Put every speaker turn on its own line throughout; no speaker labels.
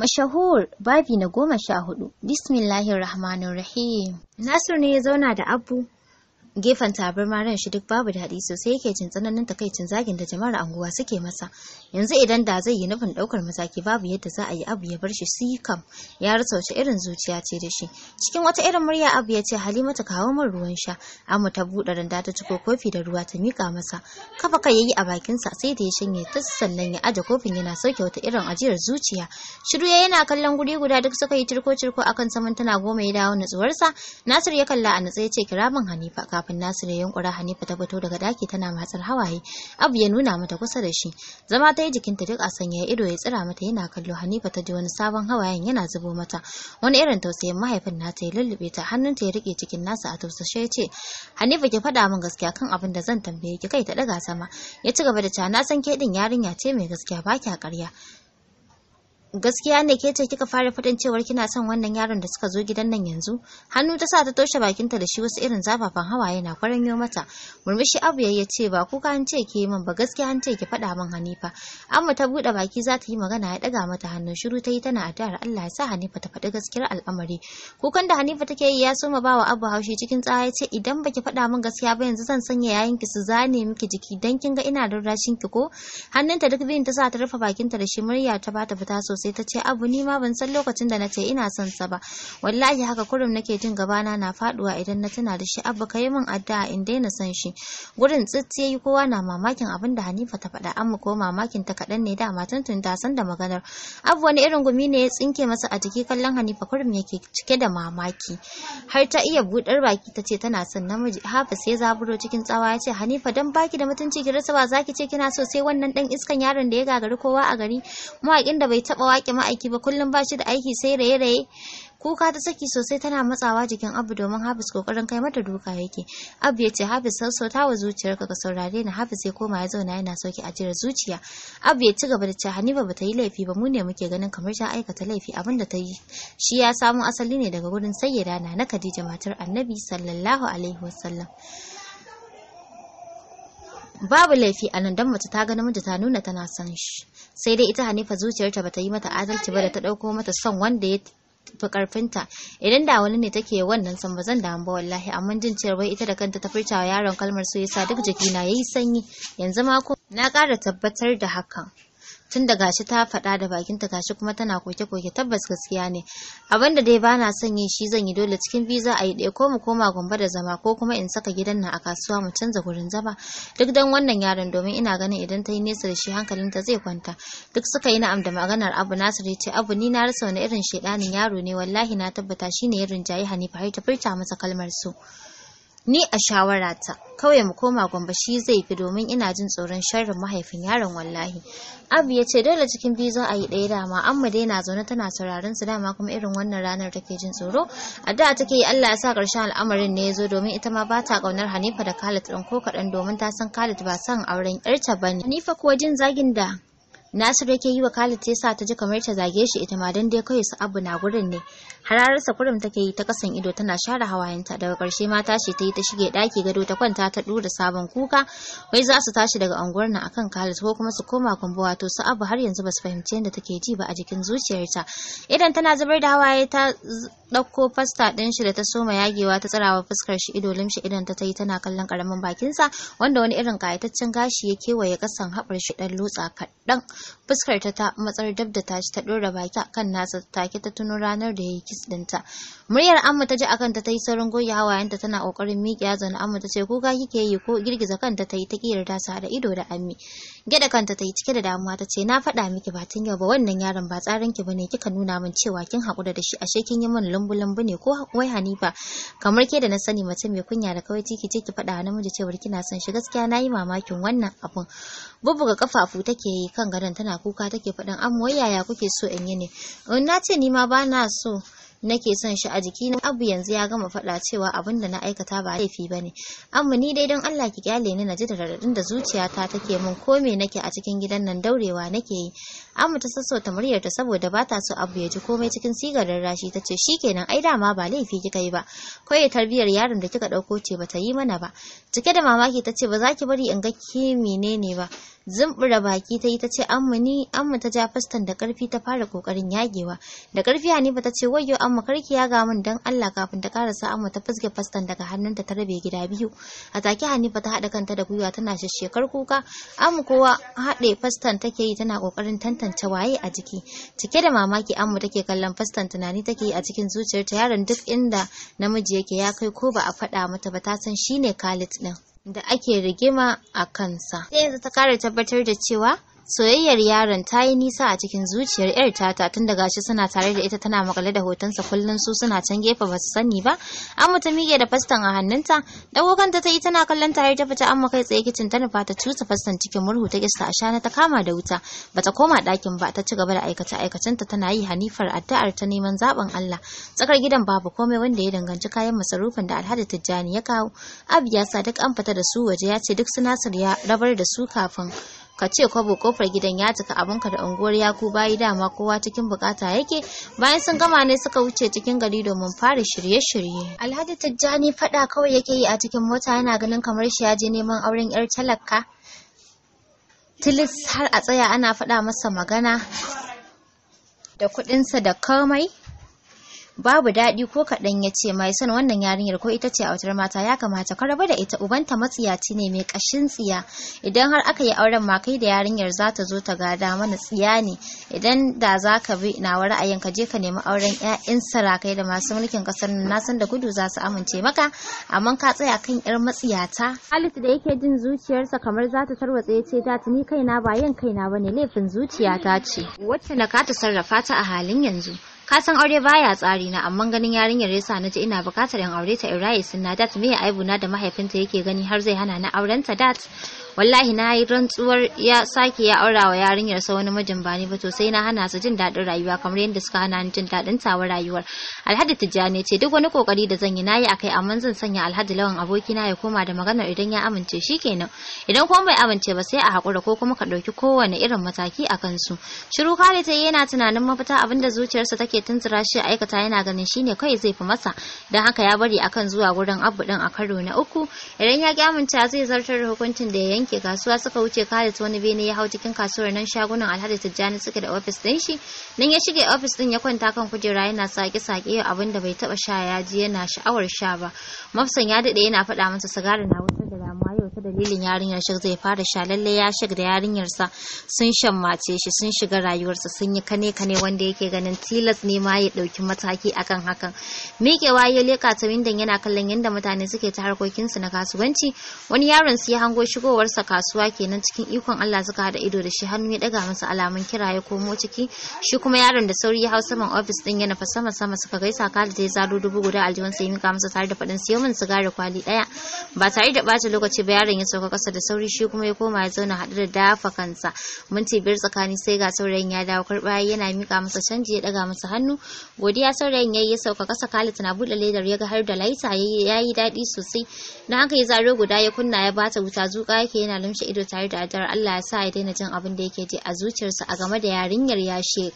Mashahur babi na goma sha hudu. Bismillahirrahmanirrahim. nasiru ne ya zauna da Abu gefen tabarma ran shi duk babu daɗi sosai yake jin tsananin takaicin zagin da jama'ar anguwa suke masa yanzu idan da zai yi nufin ɗaukar mataki babu yadda za a yi abu ya bar shi su yi kam ya rasa wace irin zuciya ce da shi cikin wata irin murya abu ya ce halima ta kawo min ruwan sha amma ta buɗe randa ta ciko kofi da ruwa ta miƙa masa kafa kai yayi a bakinsa sai da ya shanye ta sannan ya aje kofin yana sauke wata irin ajiyar zuciya shiru ya yana kallon guri guda duk suka yi cirko cirko akan saman tana goma ya dawo natsuwarsa nasir ya kalla a natsa ya ce kira min hanifa kafin Nasir ya yunkura Hanifa ta fito daga daki tana matsar hawaye. Abu ya nuna mata kusa da shi. Zama ta yi jikinta duk a sanya ido ya tsira mata yana kallo Hanifa ta ji wani sabon hawayen yana zubo mata. Wani irin tausayin mahaifin nata ya lullube ta hannunta ya rike cikin nasa a tausashe ya ce Hanifa ki faɗa min gaskiya kan abin da zan tambaye ki kai ta ɗaga sama. Ya ci gaba da ta, na san ke din yarinya ce mai gaskiya ba kya ƙarya. gaskiya ne ke ce kika fara faɗin cewar kina son wannan yaron da suka zo gidan nan yanzu hannu ta sa ta toshe bakinta da shi wasu irin zafafan hawaye na kwaranyo mata murmushi abu ya ce ba kuka an ce ke min ba gaskiya an ce ki faɗa min hanifa amma ta buɗe baki za ta yi magana ya daga mata hannu shiru ta yi tana addu'ar Allah ya sa hanifa ta faɗi gaskiyar al'amari kukan da hanifa take yi ya soma bawa abu haushi cikin tsaya ya ce idan baki faɗa min gaskiya ba yanzu zan sanya yayin ki su zane miki jiki dan kin ga ina rarrashin ki ko hannunta duk biyun ta sa ta rufe bakinta da shi murya ta bata fita sosai sai ta ce abu ni ma ban san lokacin da na ce ina son sa ba wallahi haka kurum nake jin gabana na faduwa idan na tuna da shi abu kai min addu'a in daina son shi gurin tsitsi yayi kowa na mamakin abin da Hanifa ta faɗa amma ko mamakin ta kaɗan ne da matan tun ta san da maganar abu wani irin gumi ne ya tsinke masa a jiki kallon Hanifa kurum yake cike da mamaki har ta iya buɗar baki ta ce tana son namiji hafa sai zaburo cikin tsawa ya ce Hanifa dan baki da mutunci ki rasa ba zaki ce kina so sai wannan dan iskan yaron da ya gagari kowa a gari mawaƙin da bai taɓa wake ma'aiki ba kullum ba shi da aiki sai raye-raye kuka ta saki sosai tana matsawa jikin abu domin Hafi's kokarin kai mata duka yake abu ya ce hafiz ta wa zuciyar ka saurare na hafiz ya koma ya zauna yana sauki a jira zuciya abu ya ci gaba da ce hanifa ba ta yi laifi ba mu ne muke ganin kamar ta aikata laifi da ta yi shi ya samu asali ne daga gurin sayyada na na khadija matar annabi sallallahu alaihi wasallam babu laifi a nan don mace ta ga namiji ta nuna tana son shi sai dai ita hanifa zuciyarta bata yi mata adalci ba da ta ɗauko mata son wanda ya fi karfinta idan da wani ne take wannan san ba zan damu ba wallahi amma jin cewa wai ita da kanta ta furta wa yaron kalmar so yasa duk jikina yayi sanyi yanzu ma ko na ƙara tabbatar da hakan tun da gashi ta faɗa da bakinta gashi kuma tana koke-koke tabbas gaskiya ne abin da dai bana son yin shi zan yi dole cikin biza a yi ɗaya ko mu koma gumba da zama ko kuma in saka gidan nan a kasuwa mu canza gurin zama duk dan wannan yaron domin ina ganin idan ta yi nesa da shi hankalinta zai kwanta duk suka yi na'am da maganar abu nasir ya ce abu ni na rasa wani irin shedanin yaro ne wallahi na tabbata shine irin rinjayi hanifa har ta furta masa kalmar su. Ni a shawarata, kawai mu koma Gombe shi zai fi domin ina jin tsoron sharrin mahaifin yaron wallahi. Abu ya ce dole cikin biyu za a yi ɗaya dama, amma dai na zaune tana sauraron su dama kuma irin wannan ranar take jin tsoro. A da take yi Allah ya sa ƙarshen al'amarin ne ya zo domin ita ma ba ta ƙaunar Hanifa da Khalid ɗin ko kaɗan domin ta san Khalid ba son auren 'yarta ba ne. Hanifa kuwa jin zagin da Nasiru yake yi wa Khalid ya sa ta ji kamar ta zage shi ita ma dan dai kawai su abu na gurin ne. hararsa kurum take yi ta kasan ido tana share hawayenta daga karshe ma tashi ta yi ta shige ɗaki gado ta kwanta ta ɗura sabon kuka wai za su tashi daga unguwar na akan kalis ko kuma su koma kumbu wato su abu har yanzu ba su fahimci yadda take ji ba a jikin zuciyarta idan tana zubar da hawaye ta ɗauko fasta ɗin shi da ta soma yagewa ta tsarawa fuskar shi ido limshi idan ta yi tana kallon ƙaramin bakinsa wanda wani irin ƙayataccen gashi ya kewaye ƙasan haɓar shi ɗan lotsa kaɗan fuskar ta ta matsar dab da tashi ta ɗora baki kan nasa take ta tuno ranar da ya kiss dinta muryar amma ta ji akan ta yi saurin goge ta tana kokarin miƙe na amma ta ce kuka kike yi ko girgiza kanta ta ta kiyar da su da ido da ammi gida kanta ta cike da damuwa ta ce na faɗa miki ba tun yau ba wannan yaron ba tsarin ki bane kika nuna min cewa kin haƙura da shi ashe kin yi min lambu lambu ne ko wai Hanifa kamar ke da na sani mace mai kunya da kawai ciki ce ki faɗa namiji cewar kina son shi gaskiya na yi mamakin wannan abun bubbuga kafafu take yi kan gadon tana kuka take faɗin amma yaya kuke so in yi ne in na ce ni ma ba na so nake son shi a jikina abu yanzu ya gama faɗa cewa abin da na aikata ba laifi ba ne amma ni dai don allah ki kyale ni na ji da raɗaɗin da zuciyata take min ko me nake a cikin gidan nan daurewa nake yi amma ta sassauta muryarta saboda ba ta so abu ya ji komai cikin sigar rashi ta ce shikenan ai dama ba laifi kika yi ba koyi tarbiyar yaron da kika ɗauko ce bata yi mana ba cike da mamaki ta ce ba za ki bari in ga ki menene ba zumbura baki ta yi ta ce amma ni amma ta ja fastan da karfi ta fara kokarin yagewa da karfi Hanifa ta ce wayyo amma karki ya ga mun dan Allah kafin ta karasa amma ta fuske fastan daga hannunta ta rabe gida biyu a take Hanifa ta hada kanta da gwiwa tana shesshekar kuka amma kowa hade fastan take yi tana kokarin tantance waye a jiki cike da mamaki amma take kallon fastan tunani take yi a cikin zuciyarta yaron duk inda namiji yake ya kai ko ba a faɗa mata ba ta san shine Khalid din da ake rigima a kansa. Sai yanzu ta kara tabbatar da cewa soyayyar yaron ta yi nisa a cikin zuciyar yar tata tun da gashi suna tare da ita tana makale da hotonsa kullum su suna can gefe ba su sani ba An ta miƙe da fastan a hannunta dago kanta ta yi tana kallon tare ta fita amma kai tsaye kicin ta nufa ta cusa fastan cikin murhu ta iska a shana ta kama da wuta bata koma ɗakin ba ta ci gaba da aikace aikacinta tana yi hanifar addu'ar ta neman zaɓin Allah tsakar gidan babu komai wanda ya danganci kayan masarufin da Alhaji Tijjani ya kawo abu ya sa duk an fita da su waje ya ce duk su ya rabar da su kafin ka ce kwabo kofar gidan ya cika abinka da unguwar yaku bayi dama kowa cikin bukata yake bayan sun gama ne suka wuce cikin gari domin fara shirye-shirye alhaji tijjani fada kawai yake yi a cikin mota yana ganin kamar shi ya je neman auren yar talaka tilis har a tsaya ana faɗa masa magana da kuɗinsa da komai babu daɗi ko kaɗan ya ce mai son wannan yarinyar ko ita ce a wutar mata ya kamata ka rabu da ita ubanta matsiyaci ne mai ƙashin tsiya idan har aka yi auren ma kai da yarinyar za ta zo ta gada mana tsiya ne idan da za ka bi nawa ra'ayin ka je ka nemi auren 'ya'yan sarakai da masu mulkin ƙasar nan na san da gudu za su amince maka amma ka tsaya kan 'yar matsiyata. Halitu da yake jin zuciyarsa kamar za ta tarwatse ya ce ta ni kaina ba yin kaina ba ne laifin zuciyata ce wacce na ka ta sarrafa ta a halin yanzu. ka san aure baya tsari na amma ganin yarinyar yasa na ji ina bukatar in aure ta in raye sunna dat me ya aibuna da mahaifinta yake gani har zai hana na auren ta dat wallahi na yi rantsuwar ya saki ya aura wa yarinyar sa wani mijin bani ba to sai na hana su jin dadin rayuwa kamar yadda suka hana ni jin dadin tawa rayuwar alhaji tijjani ce duk wani kokari da zan yi nayi akai amma zan sanya alhaji lawan abokina ya koma da maganar idan ya amince shikenan idan kuma bai amince ba sai a hakura ko kuma ka dauki kowane irin mataki a kansu shiru kare ta yana tunanin mafita abinda zuciyarsa take yake tunzura shi aikata yana ganin shine kai zai fi masa don haka ya bari akan zuwa gurin abu din a karo na uku idan ya gamunta zai zartar da hukuncin da ya yanke kasuwa suka wuce ta wani bene ya hau cikin kasuwar nan shagunan Alhaji Tijjani suke da ofis din shi nan ya shige ofis din ya kwanta kan kujera yana sake sake abin da bai taba sha ya ji yana sha'awar sha ba mafsan ya dade yana faɗa masa sigari na wuce ta dalilin yarinyar shi zai fara sha lalle ya shiga da yarinyarsa sun shammace shi sun shiga rayuwarsa sun yi kane kane wanda yake ganin tilas ne ma ya dauki mataki akan hakan miƙewa ya leka ta windon yana kallon yadda mutane suke ta harkokinsu na kasuwanci wani yaron su ya hango shigowarsa kasuwa kenan cikin ikon Allah suka hada ido da shi hannu ya daga masa alamun kira ko komo ciki shi kuma yaron da sauri ya hau saman ofis din yana fa sama sama suka gaisa da ya zaro dubu guda aljihun sai mika masa tare da faɗin siyo min sigari kwali ɗaya ba tare da ɓata lokaci ba yaron ya sauka kasa da sauri shi kuma ya koma ya zauna haɗu da dafa kansa minti biyar tsakani sai ga saurayin ya dawo karɓa yana mika masa canji ya ɗaga masa hannu godiya saurayin ya yi ya sauka kasa Khalid na buɗe ledar ya ga har da laita yi daɗi sosai na haka yi zaro guda ya kunna ya bata wuta zuƙa yake yana lumshe ido tare da adar Allah ya sa ya daina jin abin da yake ji a zuciyarsa a game da yarinyar ya shek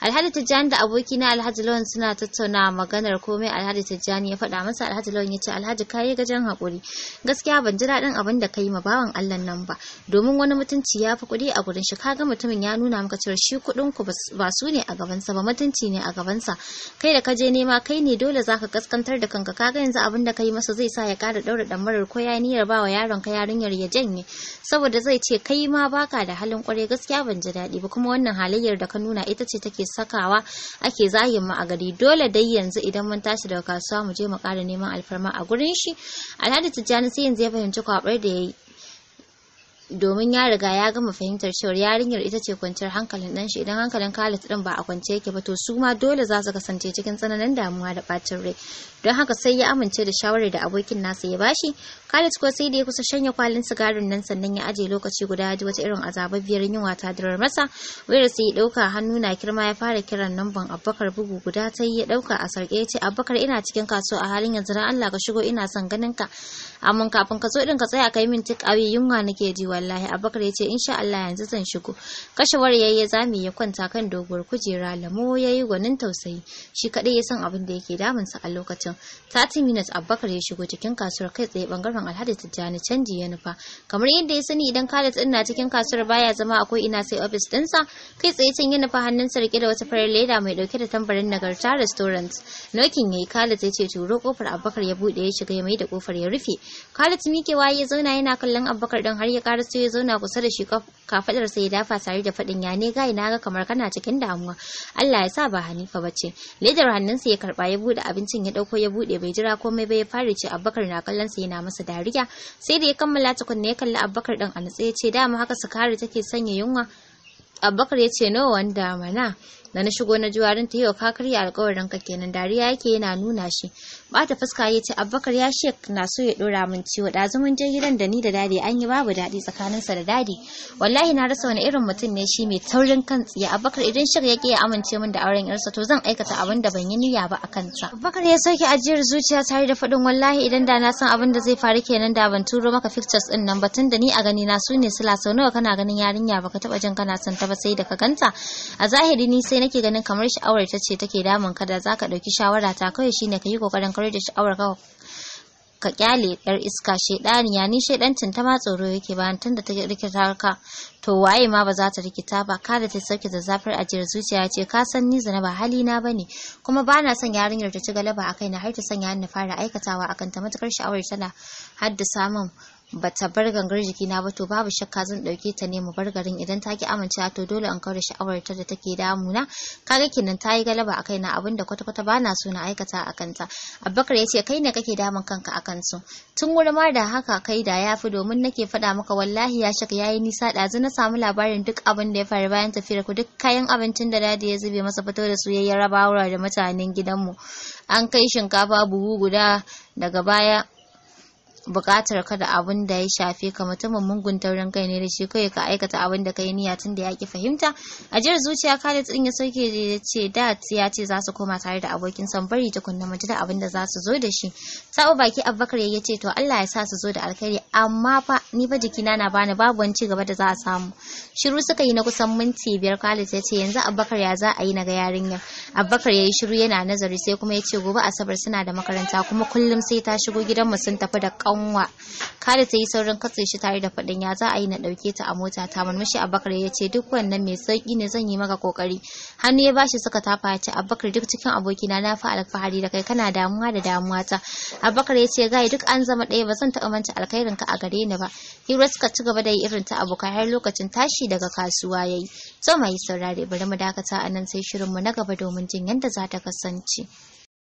Alhaji Tijjani da abokina Alhaji Lawan suna tattauna maganar komai Alhaji Tijjani ya faɗa masa Alhaji Lawan ya ce Alhaji kayi gajen hakuri Gaskiya ban ji daɗin abin da ka yi ma bawan Allah nan ba. Domin wani mutunci ya fi kuɗi a gurin shi kaga mutumin ya nuna maka cewa shi kuɗin ku ba su ne a gabansa ba mutunci ne a gabansa. Kai da ka je nema kai ne dole zaka kaskantar da kanka kaga yanzu abin da ka yi masa zai sa ya ƙara ɗaura ɗamarar ko ya niyyar ba wa yaron ka yarinyar ya janye saboda zai ce kai ma baka da halin kwarai gaskiya ban ji daɗi ba kuma wannan halayyar da ka nuna ita ce take sakawa ake zagin mu a gari dole dai yanzu idan mun tashi daga kasuwa mu je mu ƙara neman alfarma a gurin shi alhaji tijjani sai yanzu ya fahimci kwabar da ya yi domin ya riga ya gama fahimtar cewar yarinyar ita ce kwanciyar hankalin dan shi idan hankalin Khalid ɗin ba a kwance yake ba to su ma dole za su kasance cikin tsananin damuwa da ɓacin rai don haka sai ya amince da shawarar da abokin nasa ya bashi Khalid ko sai da ya kusa shanya kwalin sigarin nan sannan ya aje lokaci guda ya wata irin biyar yunwa ta durar masa wayar sai ya ɗauka hannu na kirma ya fara kiran namban Abubakar bugu guda ta yi ya ɗauka a sarki ya ce Abubakar ina cikin kasuwa a halin yanzu dan Allah ka shigo ina son ganin ka amma kafin ka zo din ka tsaya kai min tik awi yunwa nake ji wallahi abakar ya ce insha Allah yanzu zan shigo kashawar yayye zami ya kwanta kan doguwar kujera lamo yayi gwanin tausayi shi kadai ya san abin da yake damun sa a lokacin 30 minutes abakar ya shigo cikin kasuwar kai tsaye bangaren Alhaji tijjani canji ya nufa kamar yadda ya sani idan Khalid din na cikin kasuwar baya zama akwai ina sai office sa kai tsaye can ya nufa hannun rike da wata farar leda mai dauke da tambarin nagarta restaurant nokin yayi Khalid ya ce turo kofar abakar ya bude ya shiga ya mai da kofar ya rufe Khalid mikewa ya zauna yana kallon Abubakar ɗin har ya karaso ya zauna kusa da shi kafadar ya dafa tare da fadin ya ne gai naga kamar kana cikin damuwa. Allah ya sa ba Hanifa bace. Ledar hannunsa ya karba ya bude abincin ya dauko ya bude bai jira komai ba ya fara ce Abubakar na kallon sa yana masa dariya. Sai da ya kammala tukunna ya kalli Abubakar din a nutse ya ce dama haka kare take sanya yunwa. Abubakar ya ce no wanda mana. da na shigo na juwarin ta yau ka karya alkawarin ka kenan dariya yake yana nuna shi bata fuska ya ce abubakar ya shek na so ya dora min ciwo da mun je gidan da ni da dadi an yi babu daɗi sa da dadi wallahi na rasa wani irin mutum ne shi mai taurin kan tsiya abubakar idan shek ya ya amince min da auren yarsa to zan aikata abin da ban yi niyya ba a sa abubakar ya sauke ajiyar zuciya tare da faɗin wallahi idan da na san abin da zai faru kenan da ban turo maka pictures din nan batun da ni a gani na su ne sila sau nawa kana ganin yarinya baka taba jin kana son ta ba sai da ka ganta a zahiri ni sai nake ganin kamar sha'awar ta ce take damun ka da zaka ɗauki shawara ta kawai shine ka yi kokarin kawar da sha'awar ka ka kyale yar iska ya ni shedancin ta ma tsoro yake bayan tun da ta rikita ka to waye ma ba za ta rikita ba ka da ta sauke da zafar ajiyar zuciya ce ka san ni zana ba hali na bane kuma ba na son yarinyar ta ci galaba a kaina har ta sanya ni fara aikatawa akan ta matukar sha'awar tana haddasa min bata bar gangar jiki jikina ba to babu shakka zan ɗauke ta ne mu bar garin idan ta ki amincewa to dole in kaura sha'awar ta da take na kaga kinan ta yi galaba a kaina abinda kwata-kwata ba na so na aikata a kanta abubakar ya ce kai ne kake damun kanka a kansu tun wuri ma da haka kai da ya fi domin nake faɗa maka wallahi ya shaka yayi nisa ɗazu na samu labarin duk abin da ya faru bayan tafiyar ku duk kayan abincin da dadi ya zube masa fito da su ya raba da mutanen gidanmu an kai shinkafa buhu guda daga baya buƙatar ka da abin da ya shafe ka mutumin mungun taurin kai ne da shi kai ka aikata abin da kai niyya tun da ya ki fahimta ajiyar zuciya Khalid din ya sauke da ya ce da ya ce za su koma tare da abokin son bari ta kunna ji da abin da za su zo da shi sa'u baki Abubakar ya ce to Allah ya sa su zo da alkhairi amma fa ni ba jikina na bani babu wani ci gaba da za a samu shiru suka yi na kusan minti biyar Khalid ya ce yanzu Abubakar ya za a yi na ga yarinyar Abubakar ya yi shiru yana nazari sai kuma ya ce gobe Asabar suna da makaranta kuma kullum sai ta shigo gidan mu sun tafi da ƙaun kanwa kada ta yi saurin katse shi tare da faɗin ya za a yi na ɗauke ta a mota ta murmushi abakar ya ce duk wannan mai sauki ne zan yi maka kokari hannu ya bashi suka tafa ya ce abakar duk cikin abokina na fi alfahari da kai kana damuwa da damuwa ta abakar ya ce gai duk an zama ɗaya ba zan taɓa manta alkhairin ka a gare ni ba hira suka ci gaba da yi irin ta abokai har lokacin tashi daga kasuwa ya yi to mai saurare bari mu dakata a nan sai shirinmu na gaba domin jin yadda za ta kasance.